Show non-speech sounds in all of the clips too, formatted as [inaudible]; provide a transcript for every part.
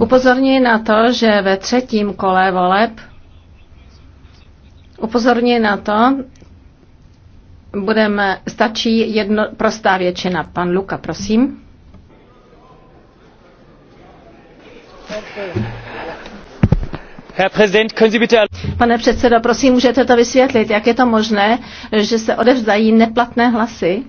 Upozorňuji na to, že ve třetím kole voleb upozorňuji na to, budeme, stačí jedno, prostá většina. Pan Luka, prosím. Pane předsedo, prosím, můžete to vysvětlit, jak je to možné, že se odevzdají neplatné hlasy?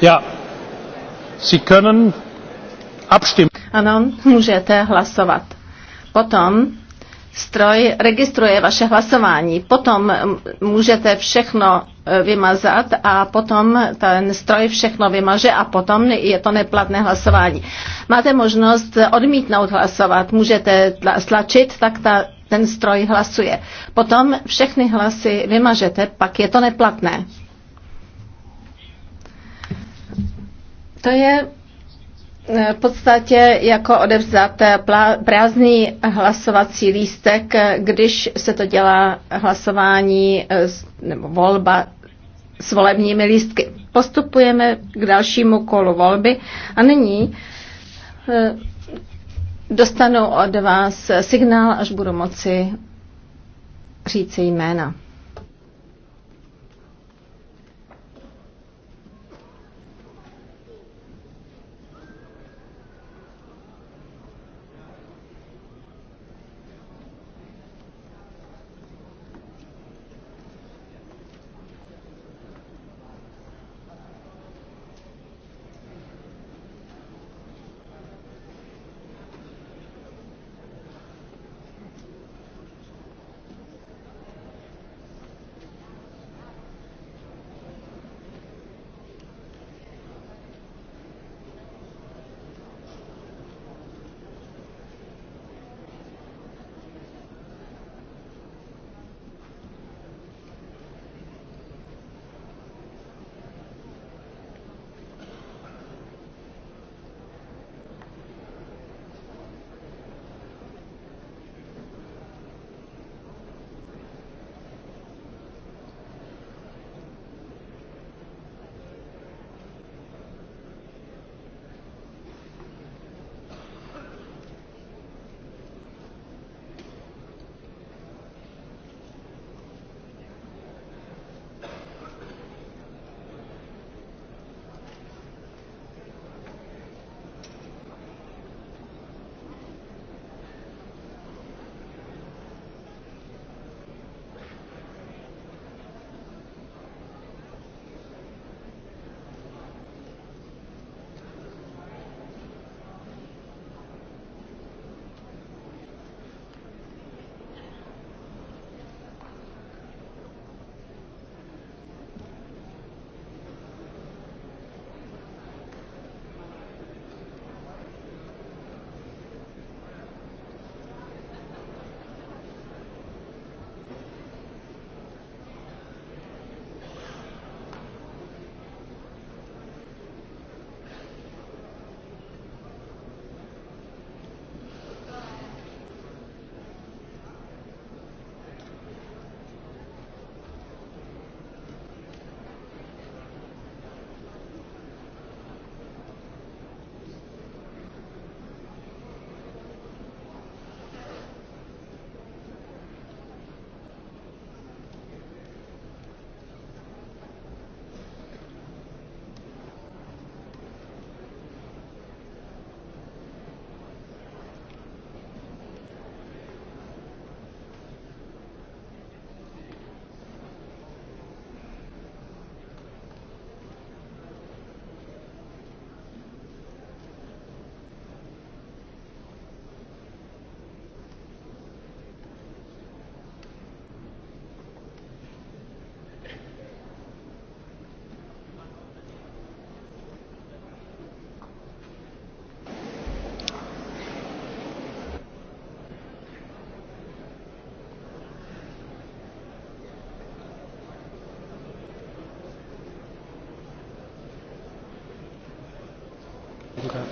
Ja. Sie können abstimmen. Ano, [laughs] můžete hlasovat. Potom stroj registruje vaše hlasování. Potom můžete všechno e, vymazat a potom ten stroj všechno vymaže a potom je to neplatné hlasování. Máte možnost odmítnout hlasovat. Můžete stlačit, tak ta, ten stroj hlasuje. Potom všechny hlasy vymažete, pak je to neplatné. To je e, v podstatě jako odevzat e, prázdný hlasovací lístek, e, když se to dělá hlasování nebo volba s volebními lístky. Postupujeme k dalšímu kolu volby a nyní dostanu od vás signál, až budu moci říci jména.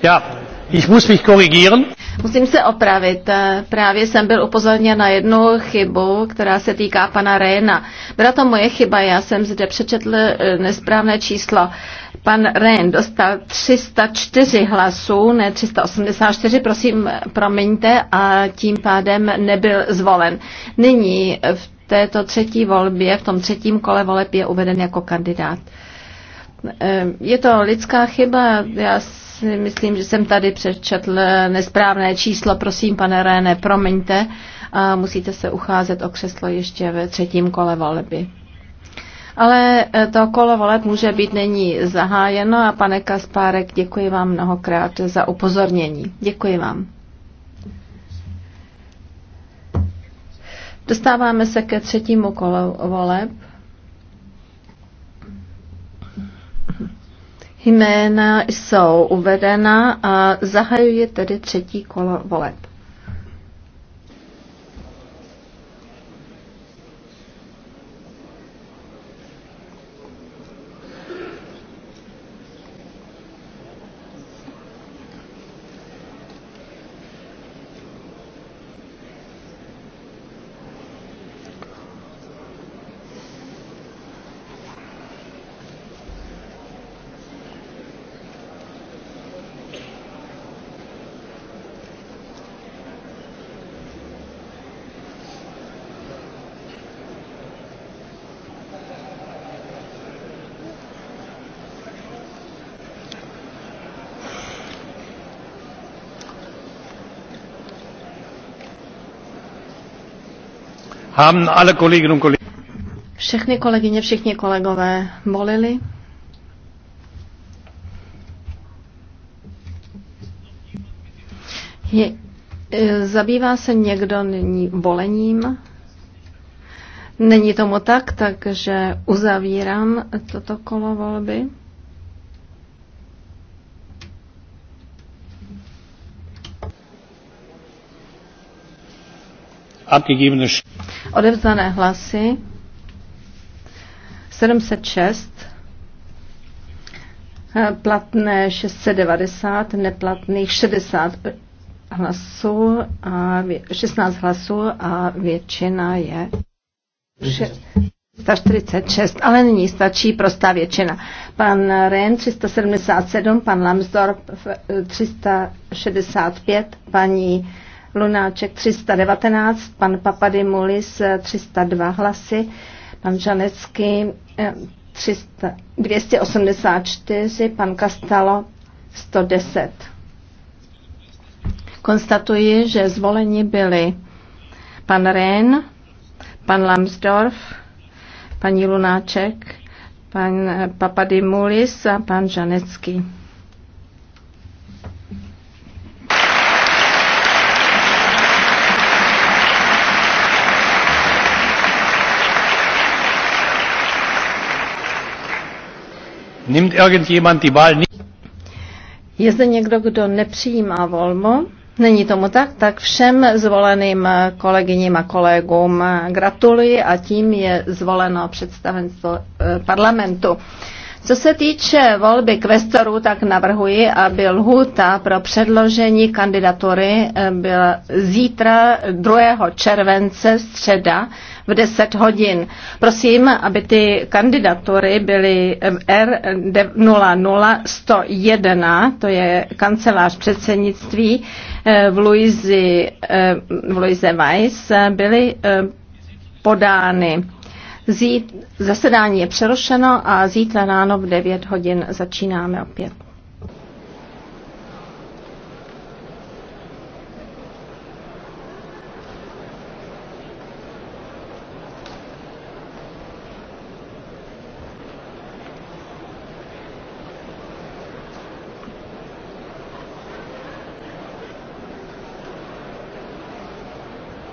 Ja, ich muss mich korrigieren. Musím se opravit. Eh, právě jsem byl upozorněn na jednu chybu, která se týká pana Réna. Byla to moje chyba, já jsem zde přečetl eh, nesprávné číslo. Pan Rehn dostal 304 hlasů, ne 384, prosím, promiňte, a tím pádem nebyl zvolen. Nyní v této třetí volbě, v tom třetím kole voleb je uveden jako kandidát. Eh, je to lidská chyba, já si myslím, že jsem tady přečetl eh, nesprávné číslo. Prosím, pane René, promiňte. A musíte se ucházet o křeslo ještě ve třetím kole volby. Ale eh, to kolo voleb může být není zahájeno a pane Kaspárek, děkuji vám mnohokrát za upozornění. Děkuji vám. Dostáváme se ke třetímu kolu voleb. Jména jsou uvedena a zahajuje tedy třetí kolo voleb. Všechny kolegyně, všichni kolegové volili. Je, e, zabývá se někdo nyní volením? Není tomu tak, takže uzavírám toto kolo volby. Odevzdané hlasy 706, eh, platné 690, neplatných 60 hlasů a 16 hlasů a většina je 346, ale nyní stačí prostá většina. Pan Ren 377, pan Lambsdorff 365, eh, paní Lunáček 319, pan Mulis 302 hlasy, pan Žanecký 284, eh, pan Kastalo 110. Konstatuji, že zvoleni byli pan Ren, pan Lamsdorf, paní Lunáček, pan Mulis a pan Žanecký. Nimmt irgendjemand die Wahl nicht? Je zde někdo, kdo nepřijímá volbu? Není tomu tak, tak všem zvoleným kolegyním a kolegům gratuluji a tím je zvoleno představenstvo eh, parlamentu. Co se týče volby kvestorů, tak navrhuji, aby lhůta pro předložení kandidatury eh, byla zítra 2. července středa v 10 hodin. Prosím, aby ty kandidatury byly R00101, to je kancelář předsednictví eh, v Louise, eh, v Louise Weiss, eh, byly podány. Zít, zasedání je přerušeno a zítra ráno v 9 hodin začínáme opět.